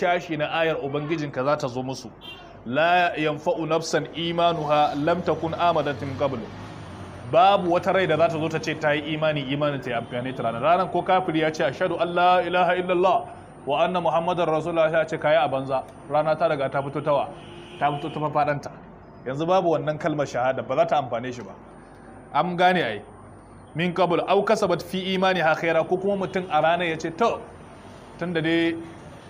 shashi na ayar ubangijinka za ta zo musu la yanfa'u nafsan imanuha lam takun amadatin qablu babu wata rai da za ta zo ta ce ta yi imani imanin ta ya ta ranar ranar ko kafiri ya ce ilaha illallah wa anna muhammadar rasulullah ya ce a banza rana ta daga ta fito tawa ta fito ta yanzu babu wannan kalmar shahada ba za ta amfane shi ba an gane ai min au kasabat fi imani ha khaira ko kuma mutum a ranar ya ce to tunda dai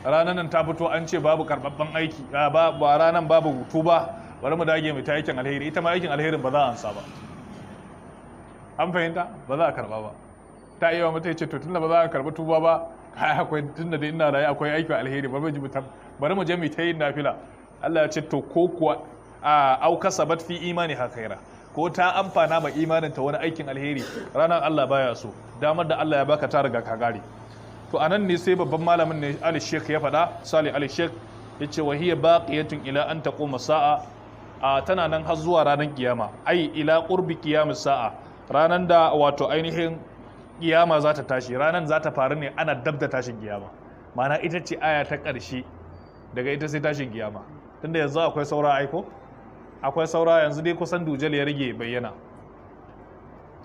ranar nan ta fito an ce babu karbabban aiki ah, ba ranan babu hutu ba bari mu dage mai ta aikin alheri ita ma aikin alherin ba za a ansa ba an fahimta ba za a karba ba ta yi wa mata ce to tunda ba za a karba tuba ba kai akwai tunda dai ina rayu akwai aiki alheri bari mu ji bari mu je mu ta yin nafila Allah ya ce to ko kuwa a auka sabat fi imani hakaira ko ta amfana ma imanin ta wani aikin alheri ranar Allah baya so damar da Allah ya baka ta riga ka gare to anan ne sai babban malamin ne Ali Sheik ya faɗa sali Ali ya ya wa hiya baqiyatun ila an koma sa'a a tana nan har zuwa ranar kiyama ai ila qurbi qiyamis sa'a ranar da wato ainihin ƙiyama za ta tashi ranar za ta faru ne ana dab da tashin kiyama ma'ana ita ce aya ta ƙarshe daga ita sai tashin kiyama tunda yanzu akwai saura aiko akwai saura yanzu dai kusan dujal ya rage bayyana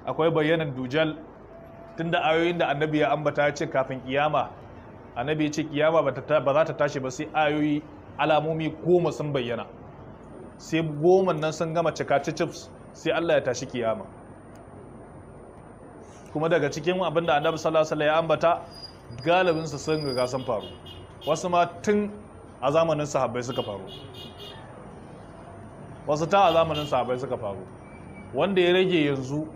akwai bayyanan dujal tunda ayoyin da annabi ya ambata ce kafin kiyama annabi ya ce kiyama ba za ta tashi ba sai ayoyi alamomi goma sun bayyana sai goma nan sun gama cika chips sai Allah ya tashi kiyama kuma daga cikin abin da annabi sallallahu alaihi ya ambata galibin su sun riga sun faru wasu ma tun a zamanin sahabbai suka faru wasu ta a zamanin sahabbai suka faru wanda ya rage yanzu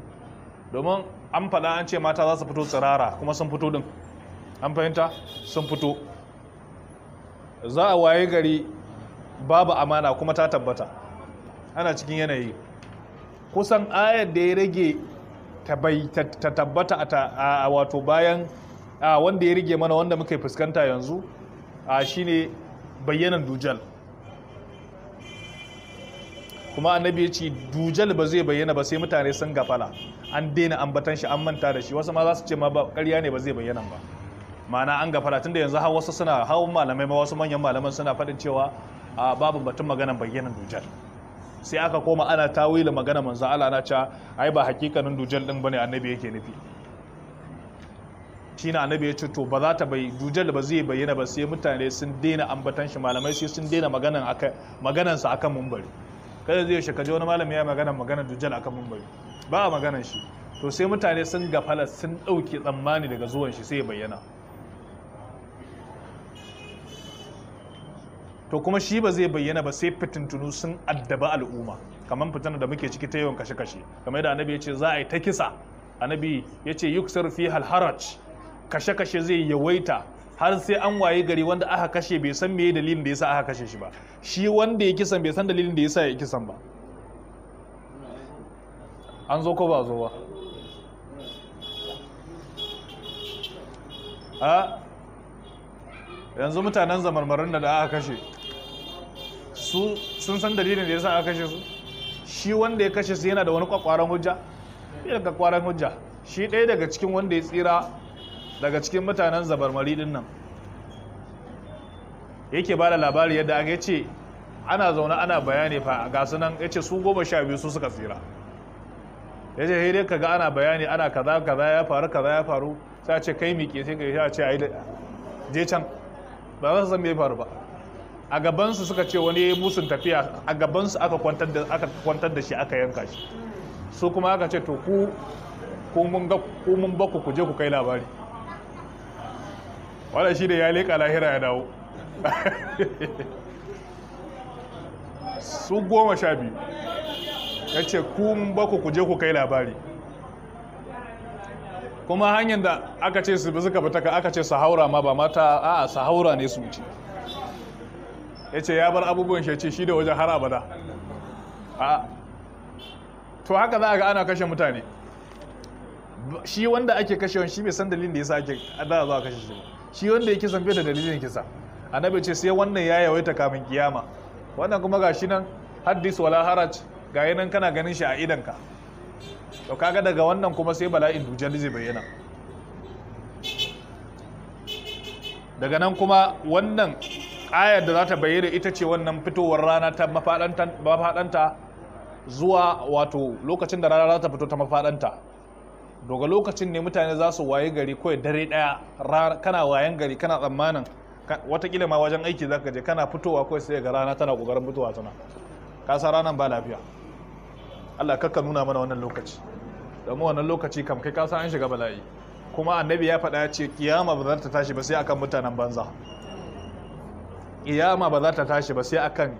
domin an faɗa an ce mata za su fito tsirara kuma sun fito din an fahimta sun fito za a waye gari babu amana kuma ta tabbata ana cikin yanayi kusan ayar da ya rage ta tabbata a wato bayan wanda ya rage mana wanda muka fuskanta yanzu a shine bayyanan dujal kuma annabi ya ce dujal ba zai bayyana ba sai mutane sun gafala an daina ambatan shi an manta da shi wasu ma za su ce ma ba ƙarya ne ba zai bayyana ba ma'ana an gafara tunda yanzu har wasu suna hawan malamai ma wasu manyan malaman suna faɗin cewa a babu batun magana bayyanan dujal sai aka koma ana tawila magana manzo Allah na cewa ai ba hakikanin dujal din bane annabi yake nufi shine annabi ya ce to ba za ta bai dujal ba zai bayyana ba sai mutane sun daina ambatan shi malamai sai sun daina maganan akan maganan sa akan mumbari kada zai shaka wani malami ya magana magana dujal akan mumbari ba a maganar shi to sai mutane sun gafala sun ɗauke tsammani daga zuwan shi sai ya bayyana to kuma shi ba zai bayyana ba sai fitintunu sun addaba al'umma kamar fitan da muke ciki ta yawan kashe-kashe kamar da annabi ya ce za a yi ta kisa annabi ya ce yuksar fi halharaj kashe-kashe zai yawaita har sai an waye gari wanda aka kashe bai san meye dalilin da yasa aka kashe shi ba shi wanda ya kisan bai san dalilin da yasa ya kisan ba an zo ko ba zo ba a yanzu mutanen zamarmarin da aka kashe su sun san dalilin da ya sa aka kashe su shi wanda ya kashe su yana da wani kwakwaran hujja yana da kwakwaran hujja shi ɗaya daga cikin wanda ya tsira daga cikin mutanen zamarmari din nan yake ba da labari yadda aka ce ana zaune ana bayani fa ga nan ya ce su goma sha biyu su suka tsira ya ce dai ga ana bayani ana kaza kaza ya faru kaza ya faru sai ce kai miƙe sai ka ce ai je can ba za su san me faru ba a gabansu suka ce wani musun tafiya a gabansu aka kwantar da shi aka yanka shi su kuma aka ce to ku kumun baku ku je ku kai labari wadda shi da ya leƙa lahira ya dawo su goma sha biyu ya ce kun ba ku kuje ku kai labari kuma hanyar da aka ce su bi suka fita aka ce su haura ma ba mata a'a su haura ne su ce ya ce ya bar abubuwan shi ce shi da wajen har abada to haka za a ga ana kashe mutane shi wanda ake kashe shi mai san dalilin da ya sa ake da zuwa kashe shi shi wanda ya kisan fiye da dalilin kisa annabi ce sai wannan ya yawaita kamin kiyama wannan kuma shi nan haddis wala haraj gaya nan kana ganin shi a idanka to kaga daga wannan kuma sai bala'in dujjal zai bayyana daga nan kuma wannan ayar da za ta bayyana ita ce wannan fitowar rana ta mafaɗanta zuwa wato lokacin da rana za ta fito ta mafaɗanta daga lokacin ne mutane za su waye gari kawai dare ɗaya kana wayan gari kana tsammanin watakila ma wajen aiki za ka je kana fitowa kawai sai ga rana tana ƙoƙarin fitowa tana kasa ranar ba lafiya Allah kakka nuna mana wannan lokaci domin wannan lokaci kam kai kasa an shiga bala'i kuma annabi ya faɗa ya ce kiyama ba za ta tashi ba sai akan mutanen banza kiyama ba za ta tashi ba sai akan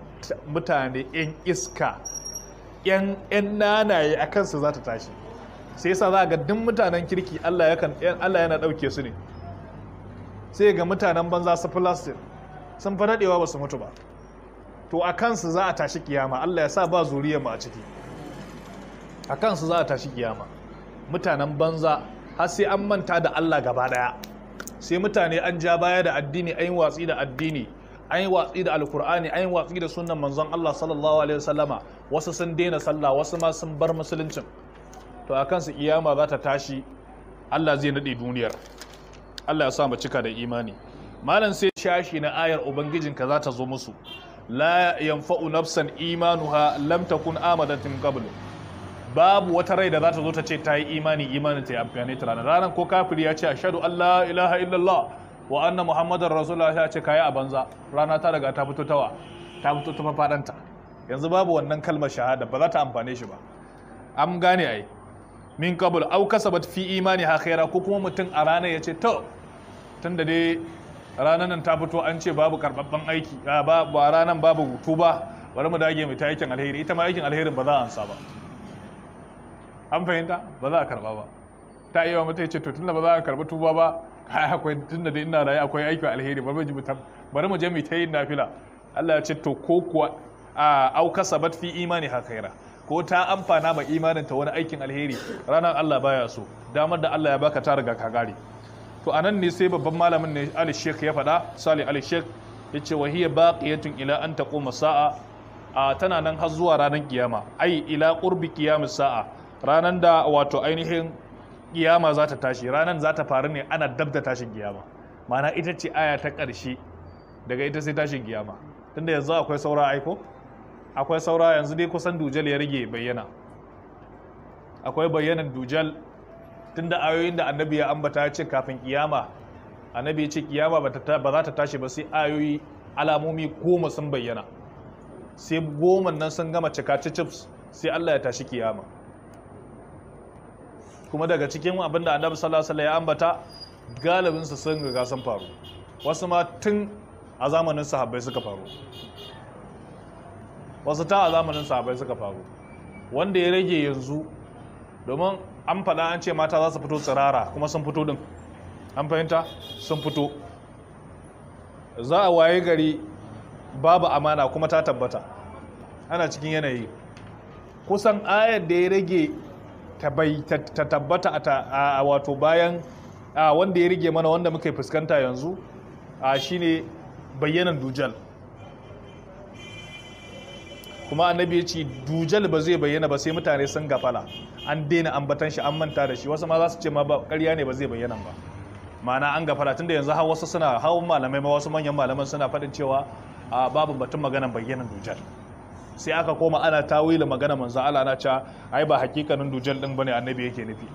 mutane yan iska yan yan nanaye akan su za ta tashi sai yasa za ga duk mutanen kirki Allah yakan Allah yana dauke su ne sai ga mutanen banza su plastic sun fa dadewa ba su mutu ba to a kansu za a tashi kiyama Allah ya sa ba zuriyar mu a ciki a kansu za a tashi kiyama mutanen banza har sai an manta da Allah gaba daya sai mutane an ja baya da addini an watsi da addini an watsi da alkur'ani an watsi da sunan manzon Allah sallallahu alaihi wasallama wasu sun daina sallah wasu ma sun bar musuluncin to a kansu kiyama za ta tashi Allah zai nade duniyar Allah ya sa mu cika da imani malam sai shashi na ayar ubangijinka za ta zo musu la yanfa'u nafsan imanuha lam takun amadatin qablu babu wata rai da za ta zo ta ce ta yi imani imanin ta yi amfani ta ranar ranar ko kafiri ya ce a shaɗu Allah ilaha illallah wa annan muhammadar rasulullah ya ce kayi a banza rana ta daga ta fito tawa ta fito ta fafadanta yanzu babu wannan kalmar shahada ba za ta amfane shi ba an gane ai min kabul au kasabat fi imani ha khaira ko kuma mutum a ranar ya ce to da dai ranar nan ta fito an ce babu karbabban aiki ba ranar babu hutu ba bari mu dage mu ta aikin alheri ita ma aikin alherin ba za a ansa ba an fahimta ba za a karba ba ta yi wa mata ya ce to tunda ba za a karba tuba ba kai akwai tunda dai ina rayu akwai aikin alheri bari mu je mu ta yin nafila Allah ya ce to ko kuwa a auka sabat fi imani ha kaira ko ta amfana ma imanin ta wani aikin alheri ranar Allah baya so damar da Allah ya baka ta riga ka to anan ne sai babban malamin ne Ali Sheikh ya faɗa Sali Ali Sheikh yace wa hiya baqiyatun ila an taquma sa'a tana nan har zuwa ranar kiyama ai ila qurbi qiyamis sa'a ranan da wato ainihin kiyama za ta tashi ranan za ta faru ne ana dab da tashin kiyama ma'ana ita ce aya ta ƙarshe daga ita sai tashin kiyama tunda yanzu akwai saura aiko akwai saura yanzu dai kusan dujal ya rage bayyana akwai bayyanan dujal tunda ayoyin da annabi ya ambata ya ce kafin kiyama annabi ya ce kiyama ba za ta tashi ba sai ayoyi alamomi goma sun bayyana sai goma nan sun gama cika chips sai Allah ya tashi kiyama kuma daga cikin abin da annabi sallallahu alaihi ya ambata galibin su sun riga sun faru wasu ma tun a zamanin sahabbai suka faru wasu ta a zamanin sahabbai suka faru wanda ya rage yanzu domin an faɗa an ce mata za su fito tsirara kuma sun fito din an fahimta sun fito za a waye gari babu amana kuma ta tabbata ana cikin yanayi kusan ayar da ya rage ta tabbata a wato bayan wanda ya rige mana wanda muka fuskanta yanzu shine bayyanan dujal kuma annabi ya ce dujal ba zai bayyana ba sai mutane sun gafala an daina ambatan shi an manta da shi wasu ma za su ce ma ba ƙarya ne ba zai bayyana ba ma'ana an gafala tunda yanzu har wasu suna hawan malamai ma wasu manyan malaman suna faɗin cewa babu batun maganan bayyanan dujal sai aka koma ana tawila magana manzan Allah na ca ai ba hakikanin dujal din bane annabi yake nufi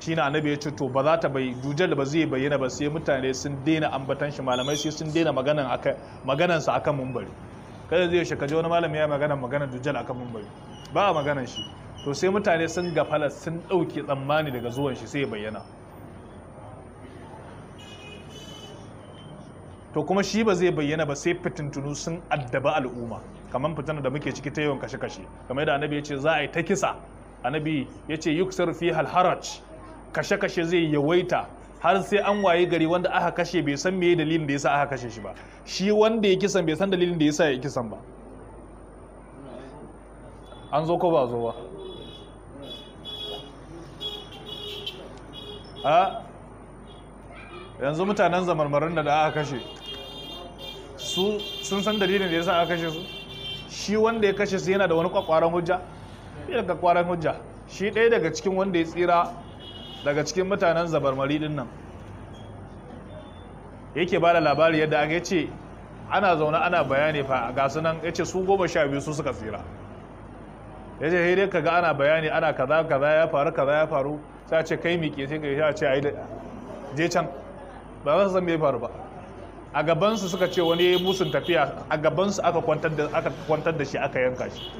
shi na annabi ya ce to ba za ta bai dujal ba zai bayyana ba sai mutane sun daina ambatan shi malamai sai sun daina maganan aka maganan sa akan mumbari kada zai shi je wani malami ya magana maganan dujal akan mumbari ba a maganan shi to sai mutane sun gafala sun dauke tsammani daga zuwan shi sai ya bayyana to kuma shi ba zai bayyana ba sai fitintunu sun addaba al'umma kamar fitinar da muke ciki ta yawan kashe-kashe kamar yadda annabi ya ce za a yi ta kisa annabi ya ce yuk fi halharaj kashe-kashe zai yawaita har sai an waye gari wanda aka kashe bai san meye dalilin da yasa aka kashe shi ba shi wanda ya kisan bai san dalilin da yasa ya kisan ba an zo ko ba zo ba a yanzu mutanen zamarmarin da aka kashe su sun san dalilin da ya sa aka kashe su shi wanda ya kashe su yana da wani kwakwaran hujja yana da kwakwaran hujja shi ɗaya daga cikin wanda ya tsira daga cikin mutanen zabarmari din nan yake ba da labari yadda aka ce ana zaune ana bayani fa ga su nan ya ce su goma sha biyu su suka tsira ya ce dai ga ana bayani ana kaza kaza ya faru kaza ya faru sai ce kai miƙe sai ka ce a yi je can ba za su san me faru ba a gabansu suka ce wani musu musun tafiya a gabansu aka kwantar da shi aka yanka shi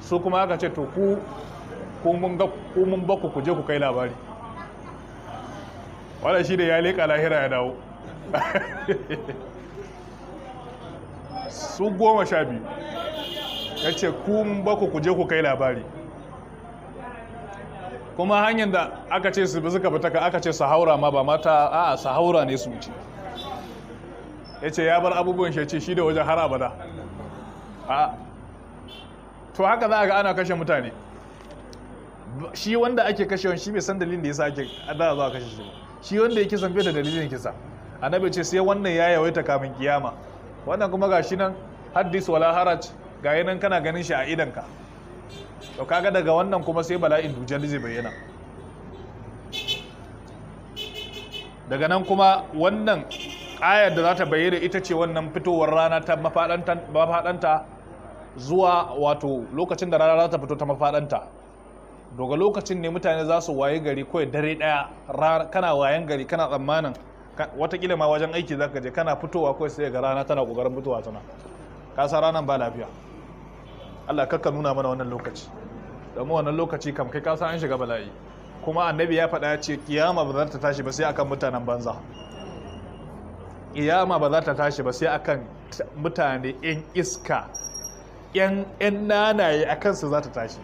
su kuma aka ce to ku kumun mun baku ku je ku kai labari wadda shi da ya leka lahira ya dawo su goma sha biyu ya ce ku mun baku ku je ku kai labari kuma hanyar da aka ce su bi suka fita aka ce su haura ma ba mata a'a su haura ne su wuce ya ce ya bar abubuwan shi ce shi da wajen har abada a to haka za a ga ana kashe mutane shi wanda ake kashe shi mai san dalilin da ya sa ake da za a kashe shi shi wanda ya kisan fiye da dalilin kisa annabi ce sai wannan ya yawaita kamin kiyama wannan kuma ga shi nan haddis wala haraj ga nan kana ganin shi a idanka to kaga daga wannan kuma sai bala'in dujjal zai bayyana daga nan kuma wannan ayar da za ta bayyana ita ce wannan fitowar rana ta mafaɗanta zuwa wato lokacin da rana za ta fito ta mafaɗanta daga lokacin ne mutane za su waye gari kawai dare ɗaya kana wayan gari kana tsammanin watakila ma wajen aiki za ka je kana fitowa kawai sai ga rana tana ƙoƙarin fitowa tana kasa ranar ba lafiya allah kakka nuna mana wannan lokaci domin wannan lokaci kam kai kasa an shiga bala'i kuma annabi ya faɗa ya ce kiyama ba za ta tashi ba sai akan mutanen banza ƙiyama ba za ta tashi ba sai akan mutane 'yan iska 'yan nanaye a kansu za ta tashi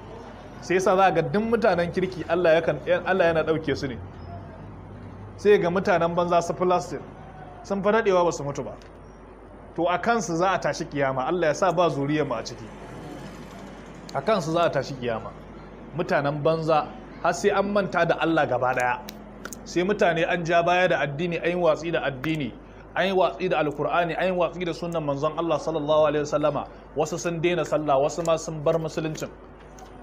sai yasa za ga duk mutanen kirki Allah yana ɗauke su ne sai ga mutanen banza su filastin sun fi daɗewa ba su mutu ba to a kansu za a tashi kiyama Allah ya sa ba zuriyar ma a ciki a kansu za a tashi kiyama mutanen banza har sai an manta da Allah gaba ɗaya sai mutane an ja baya da addini an yi watsi da addini an yi watsi da alkur'ani an yi watsi da sunan manzon Allah sallallahu alaihi wasallama wasu sun daina sallah wasu ma sun bar musuluncin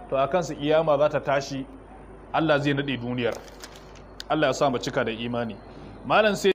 to akan su kiyama za ta tashi Allah zai nade duniyar Allah ya sa mu cika da imani malam sai